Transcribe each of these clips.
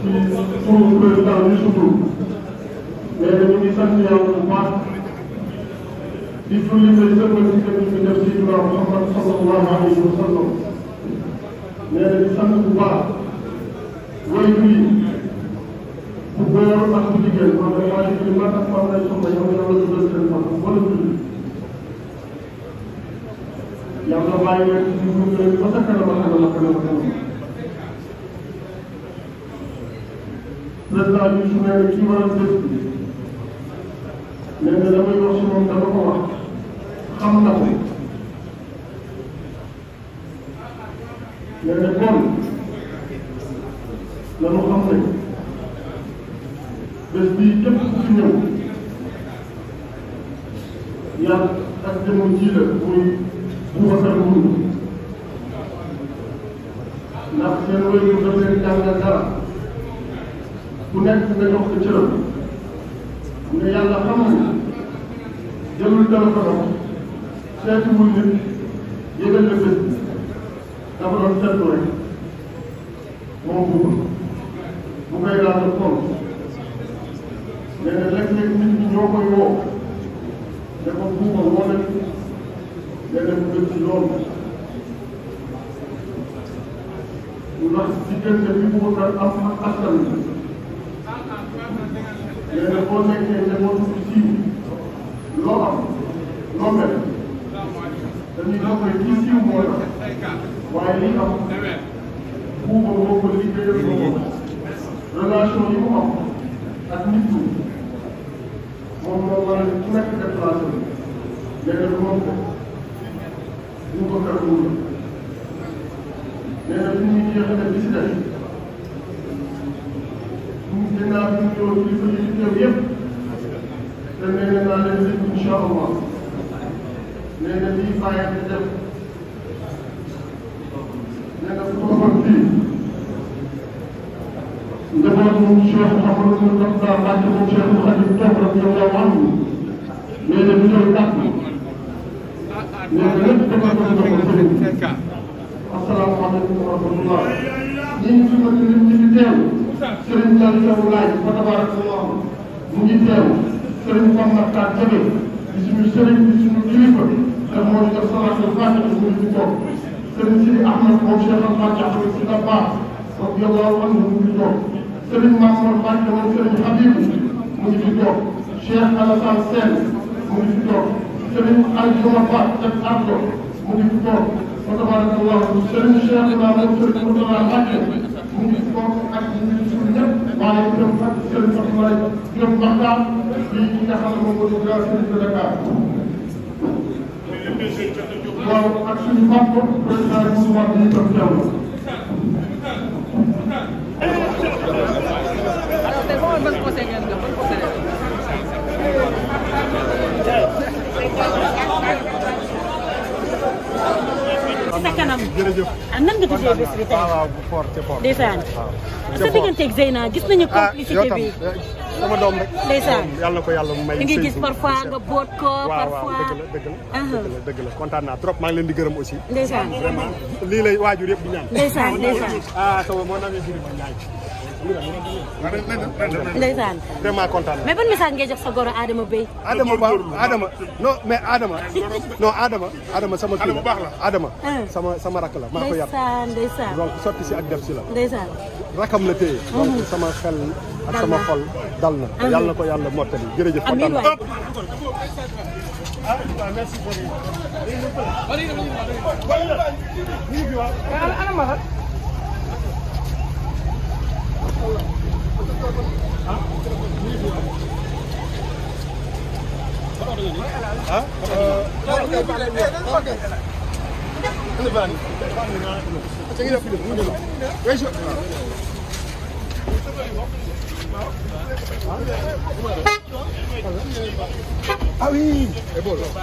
ci suñu président bi surtout nee na ñu ngi sant yàlla bu baax di julli di sëlmal ci kër bi def ci Imam Muhammad sallallahu alayhi wa sallam nee na di sant bu baax way bi bu góor ak bu jigéen man de waa jigéen man ak man lay soxla yow yow la jël seen man wala julli yàlla bàyyi leen ci suñu président ba sa kanam ak kanam ak kanam président bi su ne kii maanaam dëkk bi nee na damay wax si moom dama ko wax xam na ko nee na kon lanu xam ne bés bii képp ku fi ñëw yàlla ak jëmm ji la muy bu ko ndax seen wéy ku nekk nga jox ko cëram xam nga yàlla xam na jëlul téléphone seetu wul nit yëgal la bés bi dafa doon seetlu rek moo ko bu koy laajal tool mais nag léeg-léeg nit ñi ñoo koy woo dafa buuma woo nañ nga dem gën ci loolu ndax diggante bi mu war a am ak askan bi léegi nag boo nekkee njabootu jiw loo am loo mel dañuy doon rek ci siiw moo la waaye li am buuba boo ko liggéeyal boo ko relation yi mu am ak nit ñi moom moo waral ku nekk déplacé léegi nag moom ko ñu ko kàddu nee na fi ñuy jeexale bi si des ginnaaw bi ñu ñëw kilifa yi ñëw yëpp te nee na naa leen def incha allah nee na lii bàyyi di def nee na su ko xool fii njaboot moom Cheikh Mouhamadou Moustapha Mbacke moom Cheikh Mouhamadou toog rek yow yow am nee na ñu ñëw tàq nee na lépp dafa doon doon sëriñ asalaamaaleykum wa rahmatullah ñi ñu fi mën a lim ñu fi teew Serigne Thiam Thiaw Laye fa tabarakallah mu ngi teew Serigne Mame Makhtar Kébé di suñu Serigne di suñu kilifa te moo ñu def salaatul faatiha mu ngi ci toog Serigne Sidi Ahmed moom Cheikh Ahmad Diakhaté si Dabakh radiyallahu anhu mu ngi toog Serigne Mamour Mbacke moom Serigne Habib mu ngi ci toog Cheikh Alassane Sène mu ngi ci toog Serigne Aljuma Ba Tek Ardo mu ngi ci toog fa tabarakallah Serigne Cheikh Ibrahima Serigne Moutala Mbacke mu ngi ci toog ak ñoom waxtaan fii ci nga xam ne moom mooy grand service de Dakar. waaw ak suñu mbokk président yi mu wax nii tam teew la. sa kanam nan nga gisee bés bi tey. waaw waaw bu fort te fort. ndeysaan sa digganteeg Zeyna gis nañu ah, complicité bi. Euh, sama doom rek. ndeysaan yàlla na ko yàlla mu may. li nga gis parfois nga boot ko. parfois dëgg la dëgg la dëgg la kontaan naa trop maa ngi leen di gërëm aussi. ndeysaan lii lay waajur yëpp di ñaan. ndeysaan ndeysaan ah xaw ma mon ami ndeysaan vraiment kontaan mais ban message ngay jox sa goro Adama Bey Adama ba Adama non mais Adama non Adama Adama sama kii la Adama sama sama rakk la maa ko yar ndeysaan donc sotti si ak def si la ndeysaan rakam la téye mhm. donc sama xel ak sama xol dal na mhm. yàlla na ko yàlla mottali jërëjëf kontaan na merci Ah oui! Et bon, là.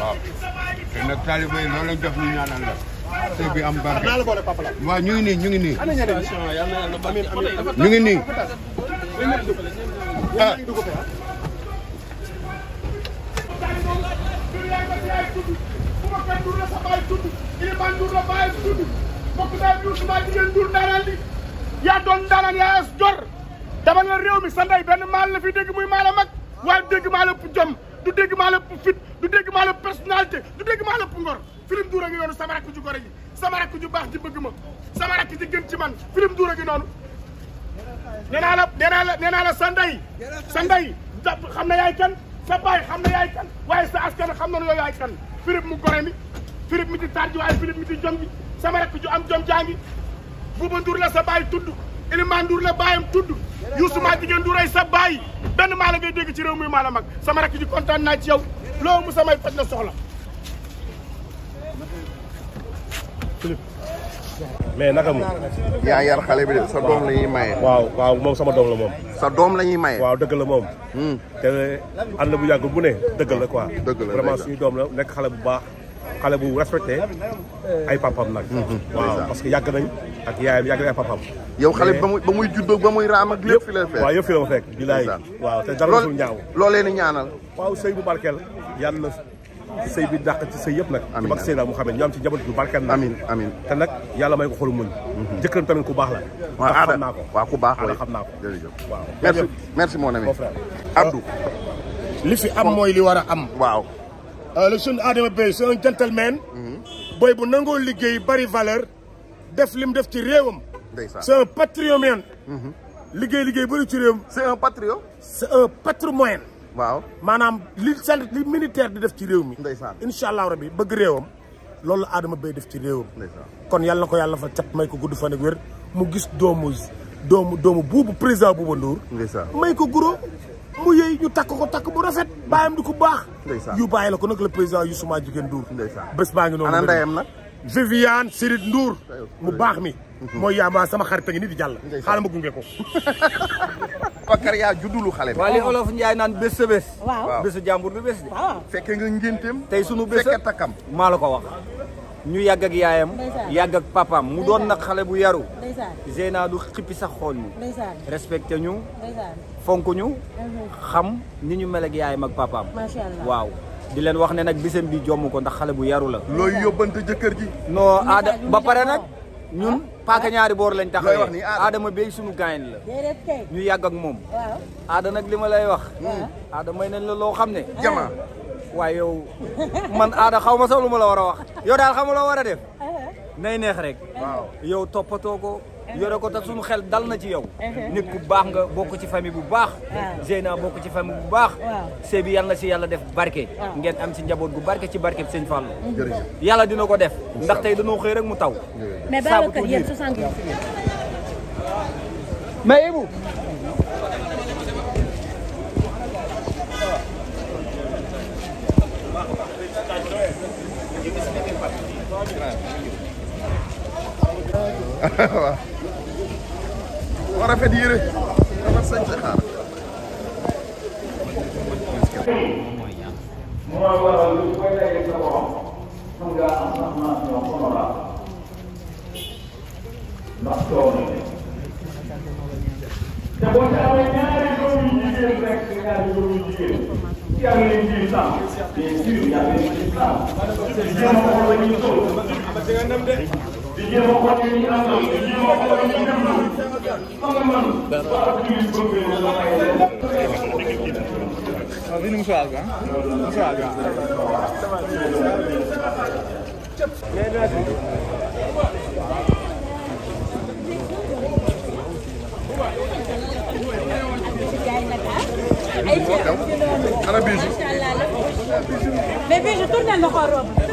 waaw te nag taaliba yi loolu lañ def ñu ñaanal la. sëy am barke waaw ñu ngi ñu ngi ñu ngi ah. Ah. yaa doon ndaanaan yaa as jor dama ne réew mi sa ndey maal la fi dégg muy maala mag waaye dégg maal ëpp du dégg maa lépp fit du dégg maa lépp personnalité du dégg maa lépp ngor filim duura ngi noonu sama ju gore ji sama ju baax ji bëgg ma sama rakk ji ci man filim duura ngi noonu nee la nee naa la nee naa la sa ndey sa ndey xam na yaay kan sa baay xam na yaay kan waaye sa askan xam na yooyu yaay kan filim mu gore mi filim mi ci tar waaye filim mi ci jom bi sama rakk ju am jom jaa ngi buuba nduur la sa baay tudd ilimaan nduur la baayam tudd Youssou maa jigéen du rey sa baay benn maa la dégg ci réew muy maa mag sama rakk ji kontaan naa ci yow loo mu samay faj la soxla. mais nag mu. yaa yar xale bi de sa doom la maye. waaw waaw moom sama doom la moom. sa doom la ñuy maye. waaw dëgg la moom. Hmm. te ànd bu yàgg bu ne dëgg la quoi. dëgg la vraiment suñu doom la nekk xale bu baax. xale bu respecté ay papam nag. Mhm. waaw parce que yàgg nañ ak yaayam yàgg nañ ay papam. yow xale ba muy ba juddoo ba muy raam ak lépp fi la fekk. waaw yëpp fi la ma fekk. bilaay waaw te dara su ñaaw. loo leen ñaanal. waaw sëy bu barkeel yàlla na sëy bi dàq ci sëy yëpp nag ci bak Seydina Mouhamed ñu am ci jabar ju barkeel nag amiin amiin te nag yàlla may ko xolu muñ mhm. jëkkëram tamit ku baax la waaw naa ko waaw ku baax la xam naa ko jërëjëf waaw merci merci mon ami Abdou li fi am mooy li war a am waaw Euh, le jeune Adama Beye c'est un gentleman. Mhm. booy bu nangoo liggéey bari valeur def lim def ci réewam. c'est un patrimoine. Mhm. liggéey liggéey bëri ci réewam. c'est un patriote. c'est un patrimoine. waaw maanaam li sant li militaire di def ci réew mi. ndeysaan incha allah rabi bëgg réewam. loolu la Adama Beye def ci réewam. kon yàlla na ko yàlla fa cat may ko gudd fan ak wér mu gis doomu doomu doomu buubu président Bouba Ndour. may ko guro mu yëy ñu takk ko takk bu rafet. bàyyam di ko baax. yu bàyyi la ko nag le président Youssou Madjiguène Ndour. bés baa ngi noonu. ana ndeyam nag. Viviane Chérif Ndour. mu baax mi. Mhm. mooy yaama sama xarit a ngi nii di jàll. ma gunge ko. Bakar yaa juddulu xale bi. waaw li olof Ndiaye naan bés sa bés. waaw bésu jàmbur bi bés fekke nga ngénteem. tey sunu bés fekke takkam maa la ko wax. ñu yàgg ak yaayam yàgg ak papaam mu doon nag xale bu yaru Zeyna du xippi sax xool ñu respecte ñu fonk ñu mhm. xam ni ñu mel ak yaayam ak papaam waaw di leen wax ne nag bisam bi jomm ko ndax xale bu yaru la looy yóbbante jëkkër ji non aada ba pare nag ñun ah? paaka ñaari boor lañ taxawee aadama béy suñu gaañ la ñu yàgg ak moom aada nag li ma lay wax aada may nañ la loo xam ne jama waaye yow man aada xaw ma sax lu ma la war a wax yow daal xam loo war a def eh, eh. nay neex rek waaw yow toppatoo ko yore ko te suñu xel dal na ci yow eh, nit baax nga bokk ci famille bu baax Zeyna bokk ci famille bu baax sëy yàlla na si yàlla def barke ngeen am si njaboot gu barke ci barke bi sëñ yàlla dina ko def ndax tey dañoo xëy rek mu taw mais Babacar waaw rafet yére rafet sañ sa xaar mooy waral lu koy daje sa borom mën ngaa am sax mention honorable ndax coono te boo ci amee ñaari doomu jigéen rek ñaari doomu jigéen tí a lè di islam èyí ìyàwó islam ìjẹ́ ọkọ̀ ló ní tó ìjẹ́ ọkọ̀ ló ní àná ìjẹ́ ọkọ̀ ló ní dúró tamamen farklı bir bölümde Abi num sual ga? Num sual ga? Ne ne? Bu var. mais Bijou tournel ma ko robe